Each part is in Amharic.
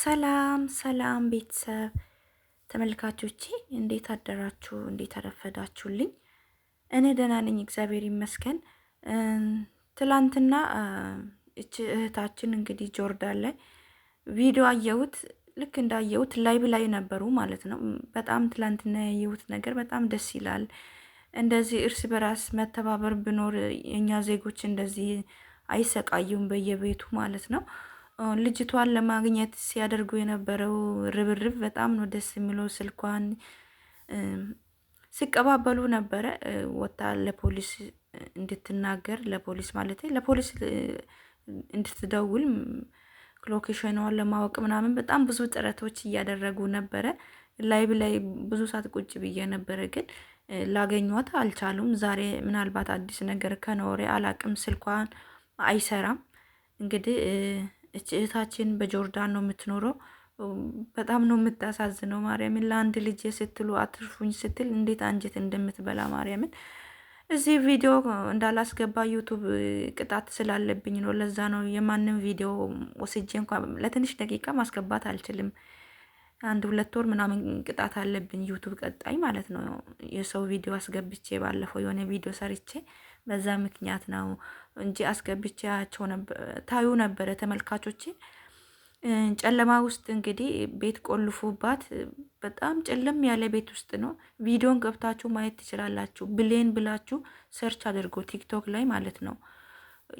ሰላም ሰላም ቤተሰብ ተመልካቾቼ እንዴት አደራችሁ? እንዴት አረፈዳችሁልኝ? እኔ ደህና ነኝ፣ እግዚአብሔር ይመስገን። ትላንትና እች እህታችን እንግዲህ ጆርዳን ላይ ቪዲዮ አየሁት። ልክ እንዳየሁት ላይብ ላይ ነበሩ ማለት ነው። በጣም ትላንትና ያየሁት ነገር በጣም ደስ ይላል። እንደዚህ እርስ በራስ መተባበር ብኖር የእኛ ዜጎች እንደዚህ አይሰቃዩም በየቤቱ ማለት ነው። ልጅቷን ለማግኘት ሲያደርጉ የነበረው ርብርብ በጣም ነው ደስ የሚለው። ስልኳን ሲቀባበሉ ነበረ። ወታ ለፖሊስ እንድትናገር ለፖሊስ ማለት ለፖሊስ እንድትደውል ሎኬሽኗን ለማወቅ ምናምን በጣም ብዙ ጥረቶች እያደረጉ ነበረ። ላይብ ላይ ብዙ ሰዓት ቁጭ ብዬ ነበረ፣ ግን ላገኟት አልቻሉም። ዛሬ ምናልባት አዲስ ነገር ከኖሬ አላቅም። ስልኳን አይሰራም እንግዲህ እህታችን በጆርዳን ነው የምትኖረው። በጣም ነው የምታሳዝነው። ማርያምን ለአንድ ልጅ ስትሉ አትርፉኝ ስትል እንዴት አንጀት እንደምትበላ ማርያምን። እዚህ ቪዲዮ እንዳላስገባ ዩቱብ ቅጣት ስላለብኝ ነው። ለዛ ነው የማንም ቪዲዮ ወስጄ እንኳ ለትንሽ ደቂቃ ማስገባት አልችልም። አንድ ሁለት ወር ምናምን ቅጣት አለብኝ ዩቱብ ቀጣይ ማለት ነው። የሰው ቪዲዮ አስገብቼ ባለፈው የሆነ ቪዲዮ ሰርቼ በዛ ምክንያት ነው እንጂ አስገብቻቸው ታዩ ነበረ ተመልካቾቼ። ጨለማ ውስጥ እንግዲህ ቤት ቆልፉባት። በጣም ጨለም ያለ ቤት ውስጥ ነው። ቪዲዮን ገብታችሁ ማየት ትችላላችሁ። ብሌን ብላችሁ ሰርች አድርጎ ቲክቶክ ላይ ማለት ነው።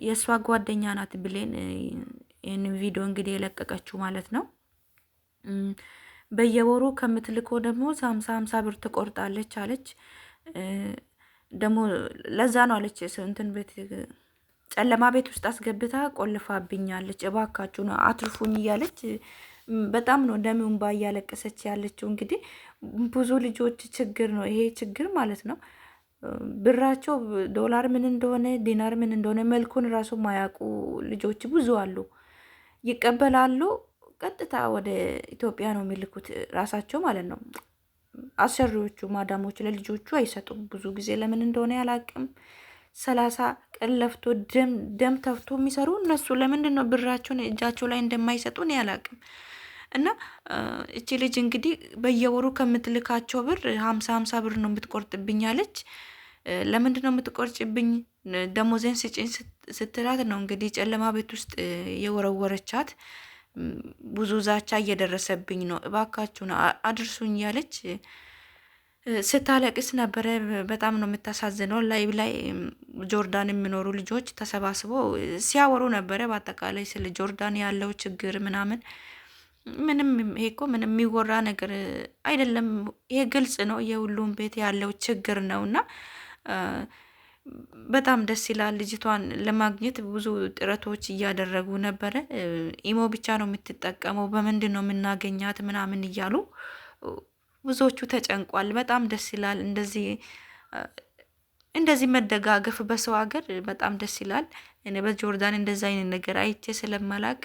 የእሷ ጓደኛ ናት ብሌን ይህን ቪዲዮ እንግዲህ የለቀቀችው ማለት ነው። በየወሩ ከምትልኮ ደግሞ ሀምሳ ሀምሳ ብር ትቆርጣለች አለች። ደግሞ ለዛ ነው አለች እንትን ቤት ጨለማ ቤት ውስጥ አስገብታ ቆልፋብኛለች፣ እባካችሁ ነው አትርፉኝ እያለች በጣም ነው ደሚውን ባ እያለቀሰች ያለችው። እንግዲህ ብዙ ልጆች ችግር ነው ይሄ ችግር ማለት ነው። ብራቸው ዶላር ምን እንደሆነ ዲናር ምን እንደሆነ መልኩን ራሱ ማያውቁ ልጆች ብዙ አሉ። ይቀበላሉ፣ ቀጥታ ወደ ኢትዮጵያ ነው የሚልኩት ራሳቸው ማለት ነው። አሰሪዎቹ ማዳሞች ለልጆቹ አይሰጡም። ብዙ ጊዜ ለምን እንደሆነ ያላቅም። ሰላሳ ቀን ለፍቶ ደም ተፍቶ የሚሰሩ እነሱ ለምንድን ነው ብራቸውን እጃቸው ላይ እንደማይሰጡ እኔ ያላቅም። እና እቺ ልጅ እንግዲህ በየወሩ ከምትልካቸው ብር ሀምሳ ሀምሳ ብር ነው የምትቆርጥብኝ አለች። ለምንድን ነው የምትቆርጭብኝ ደሞዜን ስጭኝ ስትላት ነው እንግዲህ ጨለማ ቤት ውስጥ የወረወረቻት። ብዙ ዛቻ እየደረሰብኝ ነው፣ እባካችሁን አድርሱኝ ያለች ስታለቅስ ነበረ። በጣም ነው የምታሳዝነው። ላይ ላይ ጆርዳን የሚኖሩ ልጆች ተሰባስበው ሲያወሩ ነበረ። በአጠቃላይ ስለ ጆርዳን ያለው ችግር ምናምን ምንም ይሄ እኮ ምንም የሚወራ ነገር አይደለም። ይሄ ግልጽ ነው፣ የሁሉም ቤት ያለው ችግር ነው እና በጣም ደስ ይላል። ልጅቷን ለማግኘት ብዙ ጥረቶች እያደረጉ ነበረ። ኢሞ ብቻ ነው የምትጠቀመው፣ በምንድን ነው የምናገኛት ምናምን እያሉ ብዙዎቹ ተጨንቋል። በጣም ደስ ይላል። እንደዚህ እንደዚህ መደጋገፍ በሰው ሀገር በጣም ደስ ይላል። እኔ በጆርዳን እንደዚ አይነት ነገር አይቼ ስለማላቅ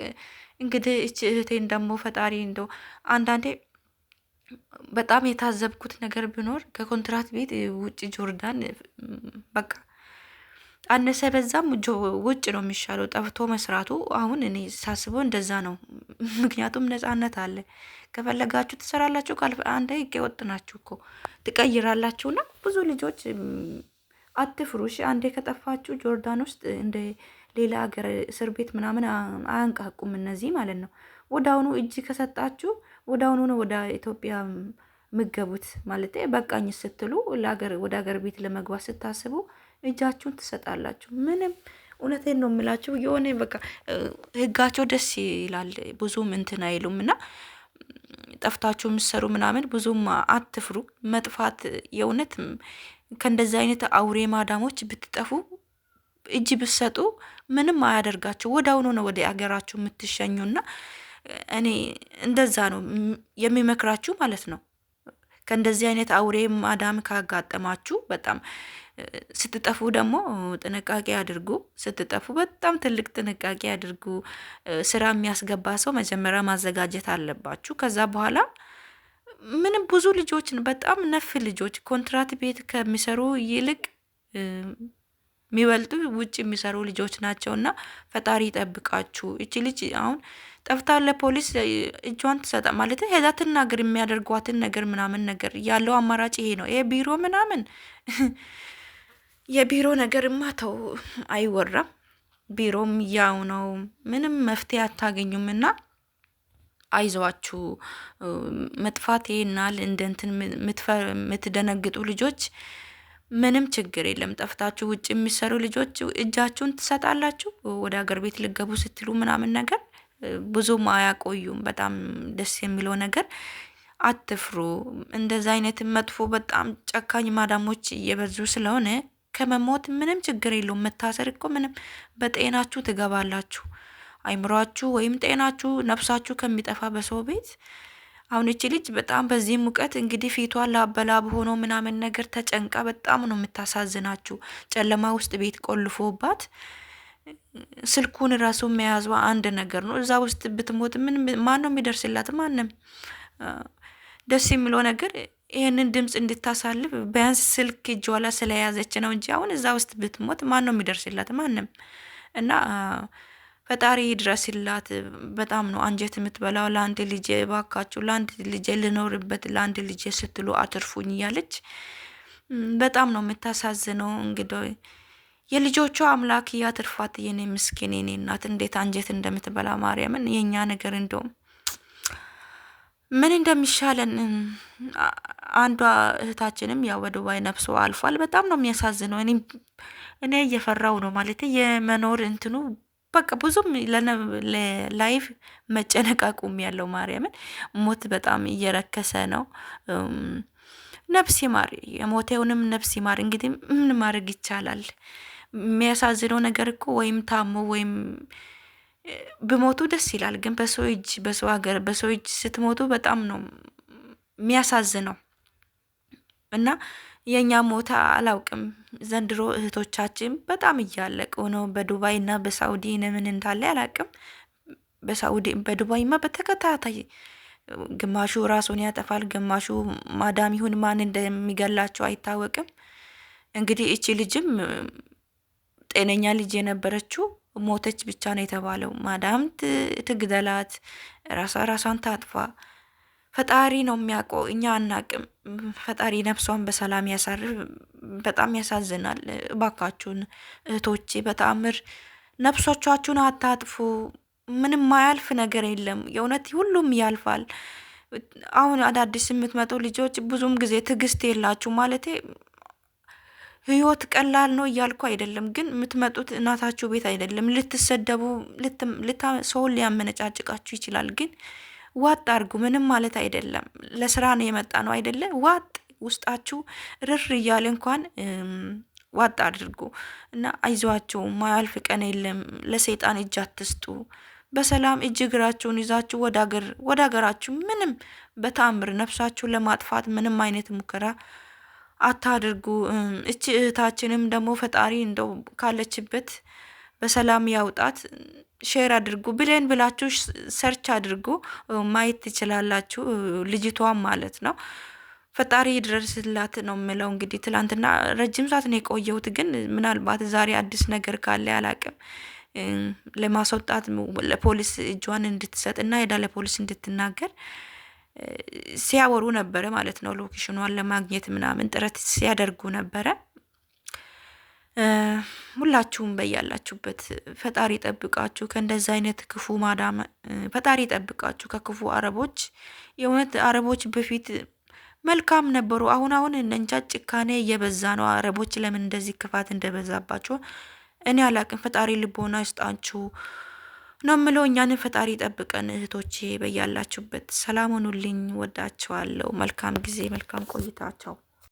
እንግዲህ እች እህቴን ደግሞ ፈጣሪ እንደው አንዳንዴ በጣም የታዘብኩት ነገር ቢኖር ከኮንትራት ቤት ውጭ ጆርዳን በቃ አነሰ በዛም ውጭ ነው የሚሻለው ጠፍቶ መስራቱ። አሁን እኔ ሳስበው እንደዛ ነው። ምክንያቱም ነጻነት አለ። ከፈለጋችሁ ትሰራላችሁ፣ አንድ ህግ ወጥ ናችሁ እኮ ትቀይራላችሁና ብዙ ልጆች አትፍሩ። እሺ አንዴ ከጠፋችሁ ጆርዳን ውስጥ እንደ ሌላ ሀገር እስር ቤት ምናምን አያንቃቁም እነዚህ ማለት ነው። ወደ አሁኑ እጅ ከሰጣችሁ ወደ አሁኑ ነው ወደ ኢትዮጵያ ምገቡት ማለት በቃኝ ስትሉ ለሀገር ወደ ሀገር ቤት ለመግባት ስታስቡ እጃችሁን ትሰጣላችሁ። ምንም እውነቴን ነው የምላችሁ። የሆነ በቃ ህጋቸው ደስ ይላል። ብዙም እንትን አይሉም እና ጠፍታችሁ የምትሰሩ ምናምን ብዙም አትፍሩ። መጥፋት የእውነት ከእንደዚህ አይነት አውሬ ማዳሞች ብትጠፉ እጅ ብትሰጡ ምንም አያደርጋችሁ። ወደ አሁኑ ነው ወደ አገራችሁ የምትሸኙና እኔ እንደዛ ነው የሚመክራችሁ ማለት ነው። ከእንደዚህ አይነት አውሬ ማዳም ካጋጠማችሁ በጣም ስትጠፉ ደግሞ ጥንቃቄ አድርጉ። ስትጠፉ በጣም ትልቅ ጥንቃቄ አድርጉ። ስራ የሚያስገባ ሰው መጀመሪያ ማዘጋጀት አለባችሁ። ከዛ በኋላ ምንም ብዙ ልጆች በጣም ነፍ ልጆች ኮንትራት ቤት ከሚሰሩ ይልቅ የሚበልጡ ውጭ የሚሰሩ ልጆች ናቸውና ፈጣሪ ይጠብቃችሁ። እቺ ልጅ አሁን ጠፍታ ለፖሊስ እጇን ትሰጣ ማለት ሄዳ ትናገር የሚያደርጓትን ነገር ምናምን ነገር ያለው አማራጭ ይሄ ነው። ይሄ ቢሮ ምናምን የቢሮ ነገርማ ተው አይወራም። ቢሮም ያው ነው፣ ምንም መፍትሄ አታገኙም። እና አይዟችሁ መጥፋት ይሄናል እንደንትን የምትደነግጡ ልጆች ምንም ችግር የለም። ጠፍታችሁ ውጭ የሚሰሩ ልጆች እጃችሁን ትሰጣላችሁ ወደ ሀገር ቤት ልገቡ ስትሉ ምናምን ነገር ብዙም አያቆዩም። በጣም ደስ የሚለው ነገር አትፍሩ። እንደዚ አይነት መጥፎ በጣም ጨካኝ ማዳሞች እየበዙ ስለሆነ ከመሞት ምንም ችግር የለውም። መታሰር እኮ ምንም በጤናችሁ ትገባላችሁ። አይምሯችሁ ወይም ጤናችሁ ነፍሳችሁ ከሚጠፋ በሰው ቤት አሁን እቺ ልጅ በጣም በዚህ ሙቀት እንግዲህ ፊቷ ላበላብ ሆኖ ምናምን ነገር ተጨንቃ በጣም ነው የምታሳዝናችሁ። ጨለማ ውስጥ ቤት ቆልፎባት ስልኩን ራሱ መያዟ አንድ ነገር ነው። እዛ ውስጥ ብትሞት ምን ነው የሚደርስላት? ማንም። ደስ የሚለው ነገር ይህንን ድምፅ እንድታሳልፍ ቢያንስ ስልክ እጅዋ ላይ ስለያዘች ነው እንጂ አሁን እዛ ውስጥ ብትሞት ነው የሚደርስላት? ማንም። እና ፈጣሪ ይድረስላት። በጣም ነው አንጀት የምትበላው። ለአንድ ልጅ ባካችሁ፣ ለአንድ ልጅ ልኖርበት፣ ለአንድ ልጅ ስትሉ አትርፉኝ እያለች በጣም ነው የምታሳዝነው እንግዲህ የልጆቿ አምላክ እያትርፋት የኔ ምስኪን የኔ እናት እንዴት አንጀት እንደምትበላ ማርያምን። የእኛ ነገር እንደውም ምን እንደሚሻለን አንዷ እህታችንም ያው በዱባይ ነፍሶ አልፏል። በጣም ነው የሚያሳዝነው። እኔ እየፈራው ነው ማለት የመኖር እንትኑ በቃ ብዙም ላይፍ መጨነቃቁም ያለው ማርያምን። ሞት በጣም እየረከሰ ነው። ነፍስ ይማር፣ የሞተውንም ነፍስ ይማር። እንግዲህ ምን ማድረግ ይቻላል? የሚያሳዝነው ነገር እኮ ወይም ታሞ ወይም ብሞቱ ደስ ይላል፣ ግን በሰው እጅ በሰው ሀገር በሰው እጅ ስትሞቱ በጣም ነው የሚያሳዝነው እና የእኛ ሞታ አላውቅም። ዘንድሮ እህቶቻችን በጣም እያለቁ ነው። በዱባይ እና በሳውዲ ምን እንዳለ አላውቅም። በሳውዲ በዱባይማ በተከታታይ ግማሹ ራሱን ያጠፋል፣ ግማሹ ማዳም ይሁን ማን እንደሚገላቸው አይታወቅም። እንግዲህ እቺ ልጅም ጤነኛ ልጅ የነበረችው ሞተች ብቻ ነው የተባለው። ማዳም ትግደላት፣ ራሷ ራሷን ታጥፋ። ፈጣሪ ነው የሚያውቀው፣ እኛ አናቅም። ፈጣሪ ነፍሷን በሰላም ያሳርፍ። በጣም ያሳዝናል። እባካችሁን እህቶቼ በተአምር ነፍሶቻችሁን አታጥፉ። ምንም ማያልፍ ነገር የለም። የእውነት ሁሉም ያልፋል። አሁን አዳዲስ የምትመጡ ልጆች ብዙም ጊዜ ትዕግስት የላችሁ ማለቴ ህይወት ቀላል ነው እያልኩ አይደለም፣ ግን የምትመጡት እናታችሁ ቤት አይደለም። ልትሰደቡ፣ ሰውን ሊያመነጫጭቃችሁ ይችላል፣ ግን ዋጥ አርጉ። ምንም ማለት አይደለም። ለስራ ነው የመጣ ነው አይደለ? ዋጥ ውስጣችሁ ርር እያለ እንኳን ዋጥ አድርጉ እና አይዟቸው፣ ማያልፍ ቀን የለም። ለሰይጣን እጅ አትስጡ። በሰላም እጅ እግራችሁን ይዛችሁ ወደ ወደ ሀገራችሁ ምንም በተአምር ነፍሳችሁን ለማጥፋት ምንም አይነት ሙከራ አታድርጉ። እቺ እህታችንም ደግሞ ፈጣሪ እንደው ካለችበት በሰላም ያውጣት። ሼር አድርጉ ብሌን ብላችሁ ሰርች አድርጉ ማየት ትችላላችሁ። ልጅቷም ማለት ነው። ፈጣሪ ድረስላት ነው የምለው። እንግዲህ ትላንትና ረጅም ሰዓት ነው የቆየሁት፣ ግን ምናልባት ዛሬ አዲስ ነገር ካለ አላቅም ለማስወጣት ለፖሊስ እጇን እንድትሰጥ እና ሄዳ ለፖሊስ እንድትናገር ሲያወሩ ነበረ ማለት ነው። ሎኬሽኗን ለማግኘት ምናምን ጥረት ሲያደርጉ ነበረ። ሁላችሁም በያላችሁበት ፈጣሪ ጠብቃችሁ፣ ከእንደዚህ አይነት ክፉ ማዳም ፈጣሪ ጠብቃችሁ ከክፉ አረቦች። የእውነት አረቦች በፊት መልካም ነበሩ። አሁን አሁን እነንቻ ጭካኔ እየበዛ ነው። አረቦች ለምን እንደዚህ ክፋት እንደበዛባቸው እኔ አላቅም። ፈጣሪ ልቦና ይስጣችሁ። ነው ምለው። እኛንን ፈጣሪ ጠብቀን። እህቶቼ በያላችሁበት ሰላም ሁኑልኝ። ወዳችኋለሁ። መልካም ጊዜ፣ መልካም ቆይታቸው